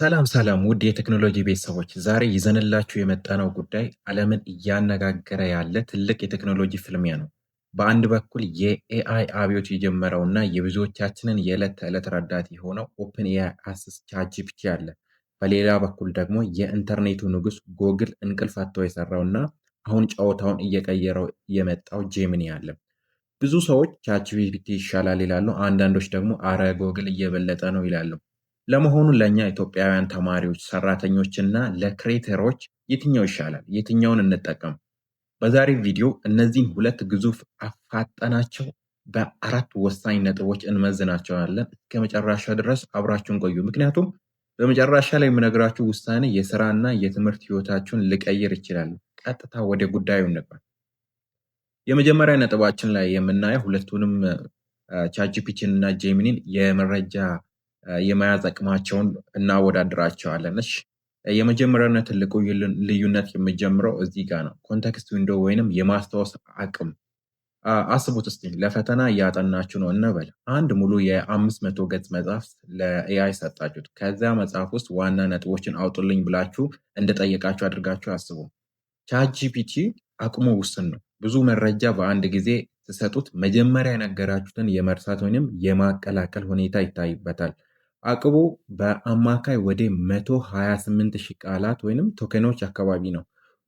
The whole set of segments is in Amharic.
ሰላም ሰላም ውድ የቴክኖሎጂ ቤተሰቦች ዛሬ ይዘንላችሁ የመጣነው ጉዳይ ዓለምን እያነጋገረ ያለ ትልቅ የቴክኖሎጂ ፍልሚያ ነው። በአንድ በኩል የኤአይ አብዮት የጀመረውና የብዙዎቻችንን የዕለት ተዕለት ረዳት የሆነው ኦፕን ኤአይ አስስ ቻትጂፒቲ አለ። በሌላ በኩል ደግሞ የኢንተርኔቱ ንጉስ ጎግል እንቅልፍ አጥቶ የሰራውና አሁን ጨዋታውን እየቀየረው የመጣው ጄሚኒ አለ። ብዙ ሰዎች ቻትጂፒቲ ይሻላል ይላሉ፣ አንዳንዶች ደግሞ አረ ጎግል እየበለጠ ነው ይላሉ። ለመሆኑ ለእኛ ኢትዮጵያውያን ተማሪዎች፣ ሰራተኞችና ለክሬተሮች የትኛው ይሻላል? የትኛውን እንጠቀም? በዛሬ ቪዲዮ እነዚህን ሁለት ግዙፍ አፋጠናቸው በአራት ወሳኝ ነጥቦች እንመዝናቸዋለን። እስከ መጨረሻ ድረስ አብራችሁን ቆዩ። ምክንያቱም በመጨረሻ ላይ የምነግራችሁ ውሳኔ የስራና የትምህርት ህይወታችሁን ልቀይር ይችላል። ቀጥታ ወደ ጉዳዩ እንግባ። የመጀመሪያ ነጥባችን ላይ የምናየው ሁለቱንም ቻጂፒችን እና ጄሚኒን የመረጃ የመያዝ አቅማቸውን እናወዳድራቸዋለን። እሺ የመጀመሪያውና ትልቁ ልዩነት የሚጀምረው እዚህ ጋር ነው። ኮንቴክስት ዊንዶ ወይንም የማስታወስ አቅም አስቡት እስቲ ለፈተና እያጠናችሁ ነው እንበል። አንድ ሙሉ የአምስት መቶ ገጽ መጽሐፍ ለኤአይ ሰጣችሁት። ከዚያ መጽሐፍ ውስጥ ዋና ነጥቦችን አውጡልኝ ብላችሁ እንደጠየቃችሁ አድርጋችሁ አስቡ። ቻትጂፒቲ አቅሙ ውስን ነው። ብዙ መረጃ በአንድ ጊዜ ስሰጡት መጀመሪያ የነገራችሁትን የመርሳት ወይንም የማቀላቀል ሁኔታ ይታይበታል። አቅቡ በአማካይ ወደ 128 ሺህ ቃላት ወይንም ቶከኖች አካባቢ ነው።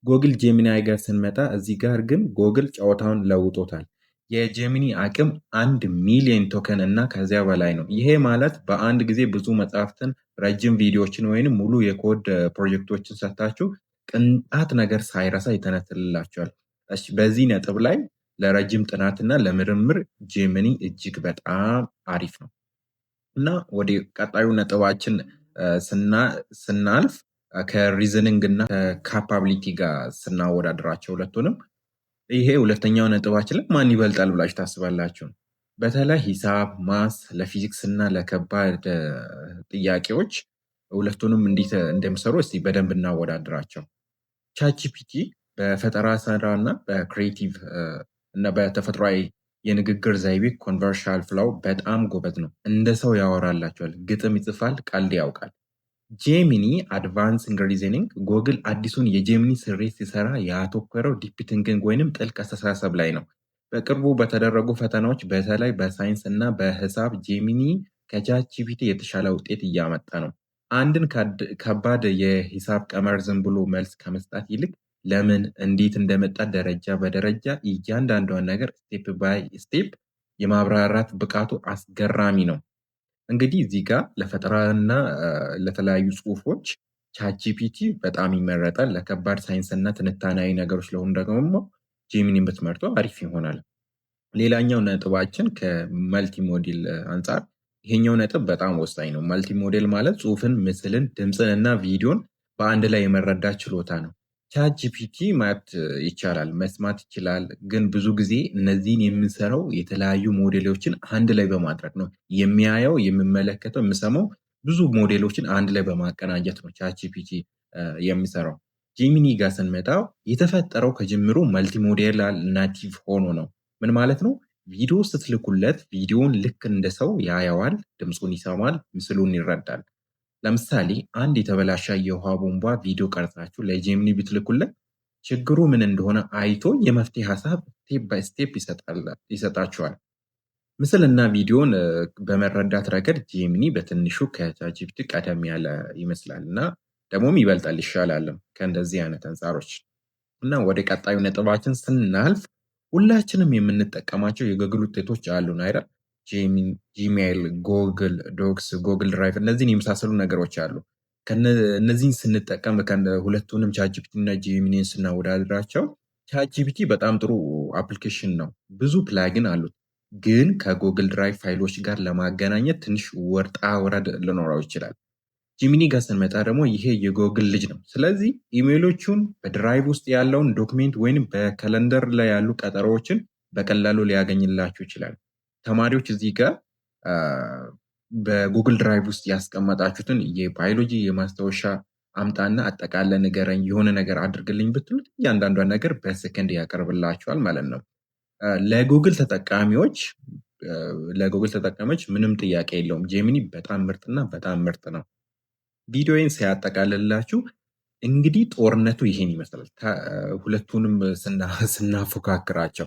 ጎግል ጄሚናይ ጋር ስንመጣ እዚህ ጋር ግን ጎግል ጨዋታውን ለውጦታል። የጄሚኒ አቅም አንድ ሚሊዮን ቶከን እና ከዚያ በላይ ነው። ይሄ ማለት በአንድ ጊዜ ብዙ መጽሐፍትን፣ ረጅም ቪዲዮዎችን ወይንም ሙሉ የኮድ ፕሮጀክቶችን ሰጥታችሁ ቅንጣት ነገር ሳይረሳ ይተነትልላቸዋል። በዚህ ነጥብ ላይ ለረጅም ጥናትና ለምርምር ጄሚኒ እጅግ በጣም አሪፍ ነው። እና ወደ ቀጣዩ ነጥባችን ስናልፍ ከሪዝኒንግ እና ከካፓቢሊቲ ጋር ስናወዳድራቸው ሁለቱንም ይሄ ሁለተኛው ነጥባችን ላይ ማን ይበልጣል ብላችሁ ታስባላችሁ? በተለይ ሂሳብ፣ ማስ ለፊዚክስ እና ለከባድ ጥያቄዎች ሁለቱንም እንዴት እንደሚሰሩ እስቲ በደንብ እናወዳድራቸው። ቻችፒቲ በፈጠራ ስራ እና በክሬቲቭ እና በተፈጥሯዊ የንግግር ዘይቤ ኮንቨርሻል ፍላው በጣም ጎበዝ ነው። እንደ ሰው ያወራላቸዋል፣ ግጥም ይጽፋል፣ ቀልድ ያውቃል። ጄሚኒ አድቫንስ ሪዝኒንግ ጎግል አዲሱን የጄሚኒ ስሬት ሲሰራ ያተኮረው ዲፕ ቲንኪንግ ወይንም ጥልቅ አስተሳሰብ ላይ ነው። በቅርቡ በተደረጉ ፈተናዎች በተለይ በሳይንስ እና በሂሳብ ጄሚኒ ከቻት የተሻለ ውጤት እያመጣ ነው። አንድን ከባድ የሂሳብ ቀመር ዝም ብሎ መልስ ከመስጣት ይልቅ ለምን እንዴት እንደመጣ ደረጃ በደረጃ እያንዳንዷን ነገር ስቴፕ ባይ ስቴፕ የማብራራት ብቃቱ አስገራሚ ነው። እንግዲህ እዚህ ጋር ለፈጠራና ለተለያዩ ጽሁፎች ቻችፒቲ በጣም ይመረጣል። ለከባድ ሳይንስና ትንታናዊ ነገሮች ለሆኑ ደግሞ ጄሚኒን ብትመርጦ አሪፍ ይሆናል። ሌላኛው ነጥባችን ከመልቲ ሞዴል አንጻር ይሄኛው ነጥብ በጣም ወሳኝ ነው። መልቲ ሞዴል ማለት ጽሁፍን፣ ምስልን፣ ድምፅን እና ቪዲዮን በአንድ ላይ የመረዳት ችሎታ ነው። ቻት ጂፒቲ ይቻላል መስማት ይችላል። ግን ብዙ ጊዜ እነዚህን የምንሰራው የተለያዩ ሞዴሎችን አንድ ላይ በማድረግ ነው። የሚያየው የምመለከተው የምሰማው ብዙ ሞዴሎችን አንድ ላይ በማቀናጀት ነው ቻት ጂፒቲ የሚሰራው። ጂሚኒ ጋር ስንመጣው የተፈጠረው ከጅምሩ መልቲ ናቲቭ ሆኖ ነው። ምን ማለት ነው? ቪዲዮ ስትልኩለት ቪዲዮን ልክ እንደ ሰው ያየዋል፣ ድምፁን ይሰማል፣ ምስሉን ይረዳል። ለምሳሌ አንድ የተበላሸ የውሃ ቧንቧ ቪዲዮ ቀርጻችሁ ለጄሚኒ ብትልኩለት ችግሩ ምን እንደሆነ አይቶ የመፍትሄ ሀሳብ ስቴፕ ባይ ስቴፕ ይሰጣችኋል። ምስልና ቪዲዮን በመረዳት ረገድ ጄሚኒ በትንሹ ከቻትጂፒቲ ቀደም ያለ ይመስላል እና ደግሞም ይበልጣል ይሻላልም ከእንደዚህ አይነት አንጻሮች እና ወደ ቀጣዩ ነጥባችን ስናልፍ ሁላችንም የምንጠቀማቸው የጎግል ውጤቶች አሉን አይደል? ጂሜል ጎግል ዶክስ፣ ጎግል ድራይቭ እነዚህን የመሳሰሉ ነገሮች አሉ። እነዚህን ስንጠቀም ሁለቱንም ቻትጂፒቲ እና ጂሚኒን ስናወዳድራቸው ቻትጂፒቲ በጣም ጥሩ አፕሊኬሽን ነው። ብዙ ፕላግን አሉት፣ ግን ከጎግል ድራይቭ ፋይሎች ጋር ለማገናኘት ትንሽ ወርጣ ወረድ ሊኖረው ይችላል። ጂሚኒ ጋር ስንመጣ ደግሞ ይሄ የጎግል ልጅ ነው። ስለዚህ ኢሜሎቹን በድራይቭ ውስጥ ያለውን ዶክሜንት ወይም በካለንደር ላይ ያሉ ቀጠሮዎችን በቀላሉ ሊያገኝላችሁ ይችላል። ተማሪዎች እዚህ ጋር በጉግል ድራይቭ ውስጥ ያስቀመጣችሁትን የባዮሎጂ የማስታወሻ አምጣና አጠቃለ ንገረኝ፣ የሆነ ነገር አድርግልኝ ብትሉት እያንዳንዷን ነገር በሰከንድ ያቀርብላችኋል ማለት ነው። ለጉግል ተጠቃሚዎች ለጉግል ተጠቃሚዎች ምንም ጥያቄ የለውም። ጄሚኒ በጣም ምርጥና በጣም ምርጥ ነው። ቪዲዮዬን ሲያጠቃልላችሁ እንግዲህ ጦርነቱ ይሄን ይመስላል። ሁለቱንም ስናፎካክራቸው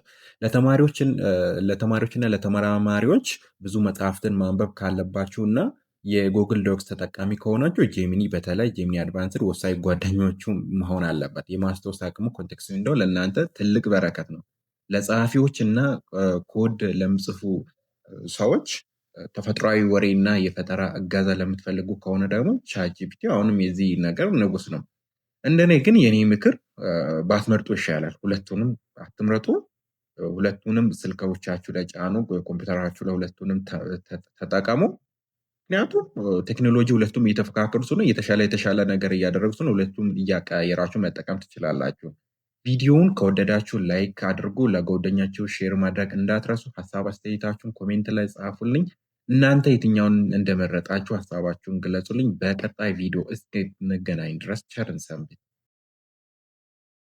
ለተማሪዎችና ለተመራማሪዎች ብዙ መጽሐፍትን ማንበብ ካለባችሁ እና የጉግል ዶክስ ተጠቃሚ ከሆናችሁ ጄሚኒ በተለይ ጄሚኒ አድቫንስድ ወሳኝ ጓደኞቹ መሆን አለበት። የማስታወስ አቅሙ ኮንቴክስት እንደው ለእናንተ ትልቅ በረከት ነው። ለጸሐፊዎች እና ኮድ ለምጽፉ ሰዎች ተፈጥሯዊ ወሬ እና የፈጠራ እገዛ ለምትፈልጉ ከሆነ ደግሞ ቻጂፒቲ አሁንም የዚህ ነገር ንጉስ ነው። እንደኔ ግን የኔ ምክር ባትመርጡ ይሻላል። ሁለቱንም አትምረጡ። ሁለቱንም ስልኮቻችሁ ላይ ጫኑ፣ ኮምፒውተራችሁ ላይ ሁለቱንም ተጠቀሙ። ምክንያቱም ቴክኖሎጂ ሁለቱም እየተፈካከሩ ስለሆነ የተሻለ የተሻለ ነገር እያደረጉ ስለሆነ ሁለቱም እያቀያየራችሁ መጠቀም ትችላላችሁ። ቪዲዮውን ከወደዳችሁ ላይክ አድርጉ፣ ለጓደኛችሁ ሼር ማድረግ እንዳትረሱ። ሀሳብ አስተያየታችሁን ኮሜንት ላይ ጻፉልኝ። እናንተ የትኛውን እንደመረጣችሁ ሀሳባችሁን ግለጹልኝ። በቀጣይ ቪዲዮ እስክንገናኝ ድረስ ቸርን ሰንብት።